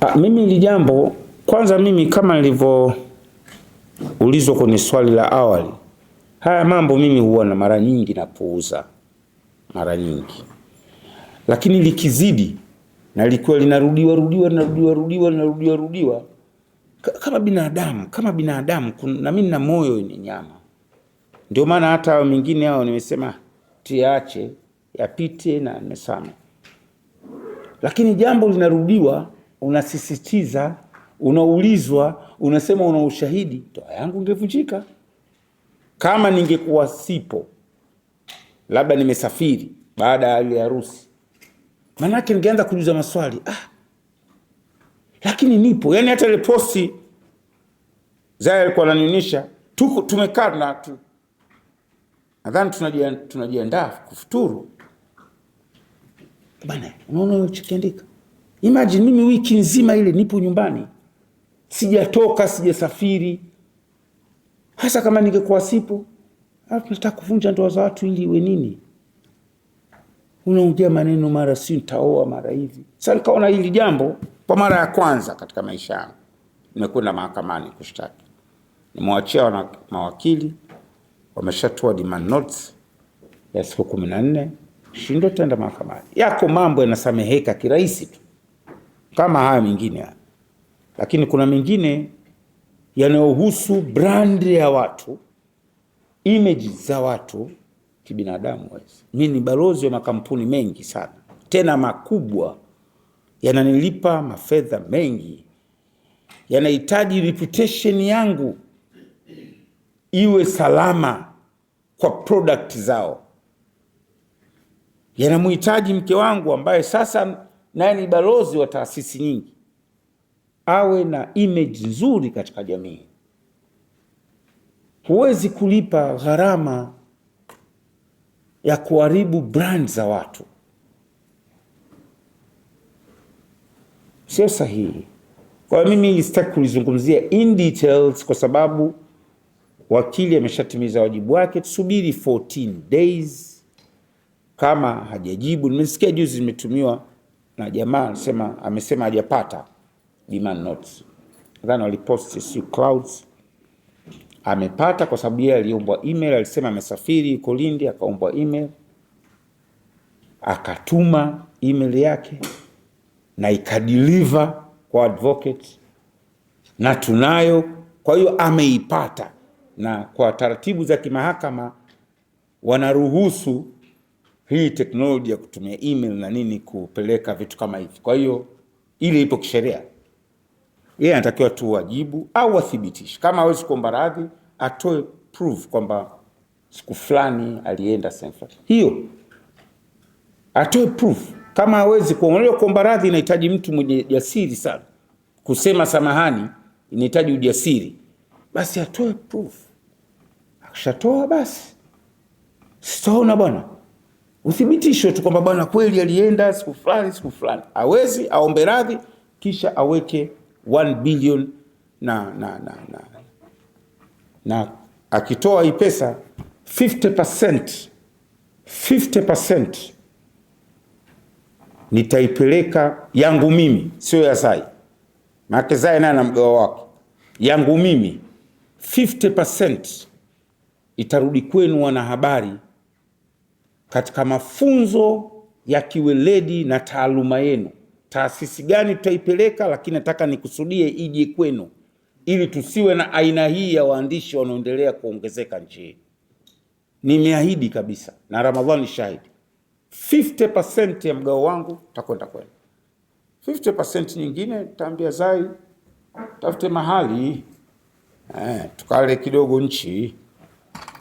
A, ah, mimi ili jambo kwanza, mimi kama nilivyoulizwa kwenye swali la awali, haya mambo mimi huona mara nyingi napuuza mara nyingi, lakini likizidi na likiwa linarudiwa rudiwa linarudiwa rudiwa linarudiwa rudiwa kama binadamu kama binadamu, na mimi na moyo ni nyama. Ndio maana hata hao mingine hao nimesema tiache yapite na nimesema, lakini jambo linarudiwa unasisitiza, unaulizwa, unasema una ushahidi, ndoa yangu ingevunjika kama ningekuwa sipo, labda nimesafiri baada ya ile harusi. Maanake ningeanza kujuza maswali ah, lakini nipo. Yani hata ile posti Zaya alikuwa ananionyesha, tuko tumekaa na tu nadhani tunajiandaa tunajia kufuturu bana, unaona chikiandika Imagine mimi wiki nzima ile nipo nyumbani, sijatoka, sijasafiri. Hasa kama ningekuwa sipo, alafu nataka kuvunja ndoa za watu ili iwe nini? Unaongea maneno mara si nitaoa mara hivi. Sasa nikaona hili jambo kwa mara ya kwanza katika maisha yangu, nimekwenda mahakamani kushtaki. Nimewachia na mawakili wameshatoa demand notes ya siku kumi na nne, shindo tenda mahakamani. Yako mambo yanasameheka kirahisi tu kama haya mengine haya, lakini kuna mengine yanayohusu brand ya watu, image za watu kibinadamu. Mimi ni balozi wa makampuni mengi sana tena makubwa, yananilipa mafedha mengi, yanahitaji reputation yangu iwe salama kwa product zao, yanamhitaji mke wangu ambaye sasa naye ni balozi wa taasisi nyingi, awe na image nzuri katika jamii. Huwezi kulipa gharama ya kuharibu brand za watu, sio sahihi. Kwa mimi sitaki kulizungumzia in details kwa sababu wakili ameshatimiza wajibu wake. Tusubiri 14 days kama hajajibu. Nimesikia juzi zimetumiwa na jamaa sema, amesema hajapata demand notes, nadhani walipost si clouds amepata kwa sababu yeye aliombwa email, alisema amesafiri yuko Lindi, akaombwa email akatuma email yake na ikadeliver kwa advocate na tunayo. Kwa hiyo ameipata, na kwa taratibu za kimahakama wanaruhusu hii teknolojia ya kutumia email na nini kupeleka vitu kama hivi. Kwa hiyo ili ipo kisheria, yeye anatakiwa tu wajibu au athibitishe. Kama hawezi kuomba radhi, atoe proof kwamba siku fulani alienda sehemu hiyo atoe proof. Kama hawezi kuomba radhi, inahitaji mtu mwenye jasiri sana kusema samahani, inahitaji ujasiri, basi atoe proof. Akishatoa basi, sitaona bwana uthibitishwe tu kwamba bwana kweli alienda siku fulani siku fulani, awezi aombe radhi, kisha aweke 1 billion na, na, na, na, na akitoa hii pesa 50%, 50% nitaipeleka yangu mimi, sio ya Zai, maana Zai naye na mgao wake. Yangu mimi 50% itarudi kwenu wanahabari katika mafunzo ya kiweledi na taaluma yenu. Taasisi gani tutaipeleka, lakini nataka nikusudie ije kwenu, ili tusiwe na aina hii ya waandishi wanaoendelea kuongezeka nchi hii. Nimeahidi kabisa na Ramadhani shahidi, 50% ya mgao wangu takwenda kwenu, 50% nyingine taambia Zai tafute mahali eh, tukale kidogo nchi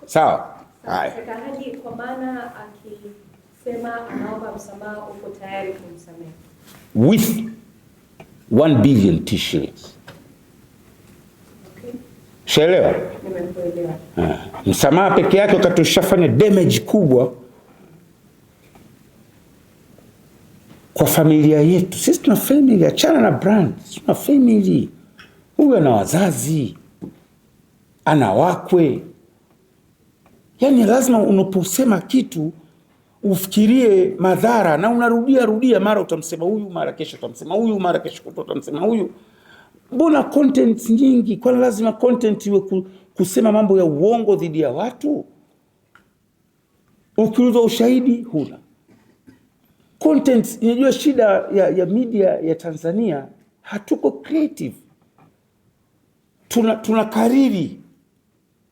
sawa katika hadi kwa maana akisema anaomba msamaha uko tayari kumsamehe with 1 billion shillings. Okay. Shaelewa? Nimekuelewa. Ah, msamaha peke yake wakati ushafanya damage kubwa kwa familia yetu. Sisi tuna family, achana na brand. Sisi tuna family. Huyu ana wazazi, ana wakwe Yaani lazima unaposema kitu ufikirie madhara, na unarudia rudia, mara utamsema huyu, mara kesho utamsema huyu, mara kesho kutwa utamsema huyu. Mbona content nyingi? Kwani lazima content iwe kusema mambo ya uongo dhidi ya watu? Ukiuliza ushahidi huna content. Inajua shida ya, ya media ya Tanzania, hatuko creative, tuna, tuna kariri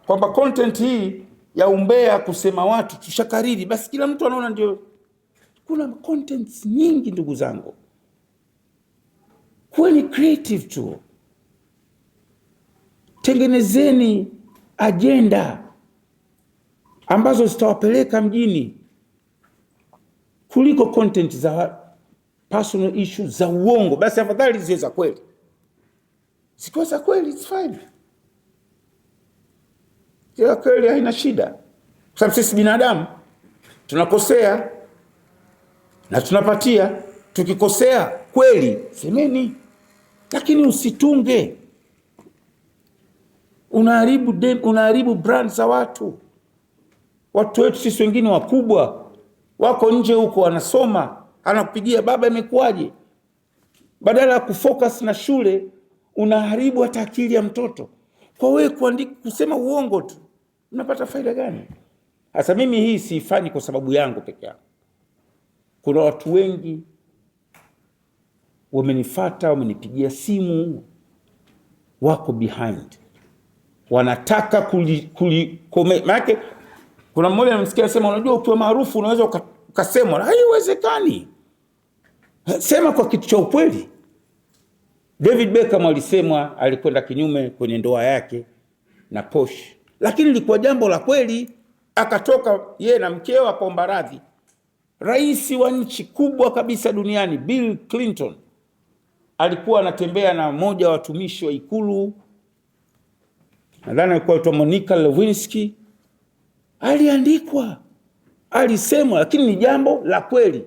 kwamba content hii ya umbea kusema watu tushakariri, basi kila mtu anaona ndio. Kuna contents nyingi ndugu zangu, kuweni creative tu, tengenezeni ajenda ambazo zitawapeleka mjini kuliko content za personal issues za uongo. Basi afadhali ziwe za kweli, zikiwa za kweli it's fine kila kweli haina shida, kwa sababu sisi binadamu tunakosea na tunapatia. Tukikosea kweli semeni, lakini usitunge, unaharibu unaharibu brand za watu. Watu wetu sisi wengine wakubwa wako nje huko wanasoma, anakupigia baba, imekuwaje? Badala ya kufocus na shule unaharibu hata akili ya mtoto kwa wewe kuandika kusema uongo tu mnapata faida gani? Sasa mimi hii siifanyi kwa sababu yangu peke yangu. Kuna watu wengi wamenifata, wamenipigia simu, wako behind, wanataka kuli, kuli maanake kuna mmoja anamsikia sema, unajua ukiwa maarufu unaweza ukasemwa. Haiwezekani, sema kwa kitu cha ukweli. David Beckham alisemwa, alikwenda kinyume kwenye ndoa yake na Porsche lakini likuwa jambo la kweli. Akatoka yeye na mkeo akaomba radhi. Rais wa nchi kubwa kabisa duniani Bill Clinton alikuwa anatembea na mmoja wa watumishi wa ikulu, nadhani alikuwa aitwa Monica Lewinsky. Aliandikwa, alisemwa, lakini ni jambo la kweli.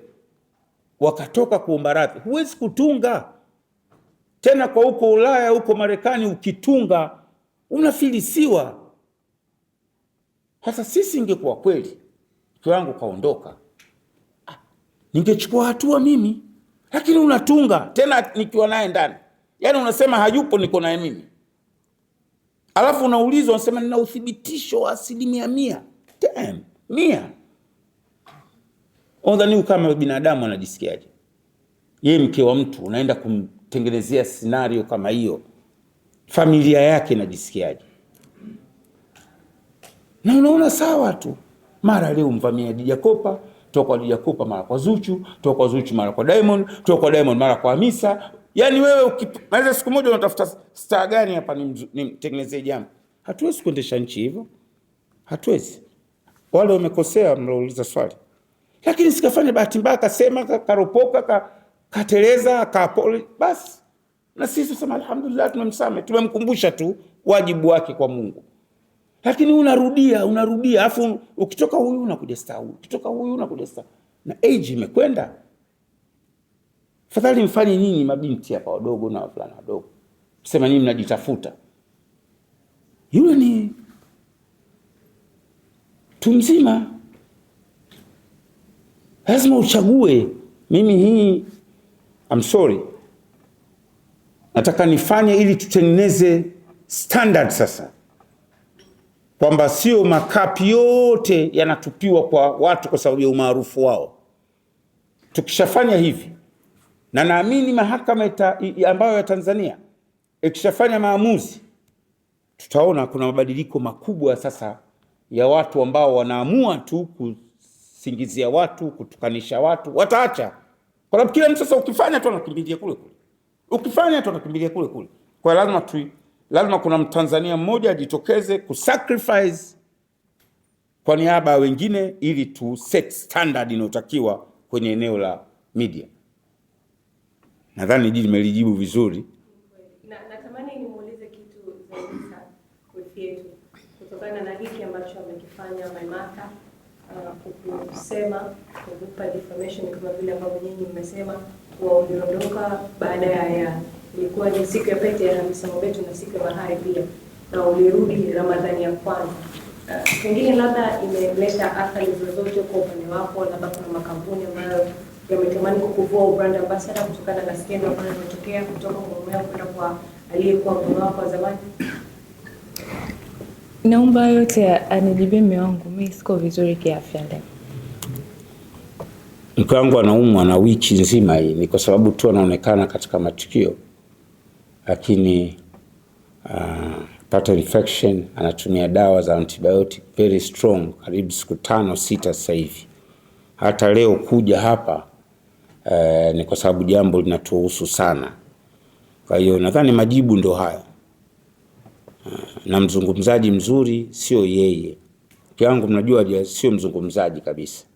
Wakatoka kuomba radhi. Huwezi kutunga tena kwa huko Ulaya, huko Marekani, ukitunga unafilisiwa. Sasa sisi, ingekuwa kweli wangu kaondoka, ah, ningechukua hatua mimi, lakini unatunga tena nikiwa naye ndani, yaani unasema hayupo, niko naye mimi, alafu unaulizwa, unasema nina uthibitisho wa asilimia mia Damn, mia Odhani kama binadamu anajisikiaje? Ye mke wa mtu unaenda kumtengenezea scenario kama hiyo, familia yake inajisikiaje? na unaona sawa tu, mara leo mvamia Hadija Kopa, toka kwa Hadija Kopa mara kwa Zuchu, toka kwa Zuchu mara kwa Diamond, toka kwa Diamond mara kwa Hamisa. Yani wewe maliza siku moja unatafuta star gani hapa nimtengenezee jambo? Hatuwezi kuendesha nchi hivyo, hatuwezi. Wale wamekosea mlouliza swali, lakini sikafanya bahati mbaya, kasema karopoka, ka, kateleza kapole, basi na sisi tusema alhamdulillah, tumemsame tumemkumbusha tu wajibu wake kwa Mungu lakini unarudia unarudia, alafu ukitoka huyu unakuja star, ukitoka huyu unakuja star, na age imekwenda. Fadhali mfanye nyinyi mabinti hapa wadogo na wavulana wadogo, sema nyinyi mnajitafuta. Yule ni mtu mzima, lazima uchague. Mimi hii I'm sorry, nataka nifanye ili tutengeneze standard sasa kwamba sio makapi yote yanatupiwa kwa watu kwa sababu ya umaarufu wao. Tukishafanya hivi, na naamini mahakama ambayo ya Tanzania ikishafanya maamuzi, tutaona kuna mabadiliko makubwa sasa ya watu ambao wanaamua tu kusingizia watu, kutukanisha watu, wataacha kwa sababu kila mtu sasa, ukifanya tu anakimbilia kule kule, ukifanya tu anakimbilia kule kule, kwa lazima tu lazima kuna Mtanzania mmoja ajitokeze kusacrifice kwa niaba ya wengine ili tu set standard inayotakiwa kwenye eneo la media. Nadhani nimelijibu vizuri uh, kusema kukupa defamation kama vile ambavyo nyinyi mmesema kuwa kuwaondoka baada ya ilikuwa ni siku ya pete ya Hamisa Mobeto na siku ya bahari pia, na ulirudi Ramadhani ya kwanza. Uh, pengine labda imeleta athari zozote kwa upande wako, labda kuna makampuni ambayo yametamani kukuvua brand ambassador kutokana na skendo ambayo imetokea kutoka kwa mumeo kwenda kwa aliyekuwa mume wako wa zamani? Naomba yote anijibie mume wangu, mimi siko vizuri kiafya ndani mke wangu anaumwa na wiki nzima hii, ni kwa sababu tu anaonekana katika matukio lakini uh, pata infection anatumia dawa za antibiotic very strong, karibu siku tano sita sasa hivi. Hata leo kuja hapa uh, ni kwa sababu jambo linatuhusu sana. Kwa hiyo nadhani majibu ndo haya uh, na mzungumzaji mzuri sio yeye. Kwangu mnajua sio mzungumzaji kabisa.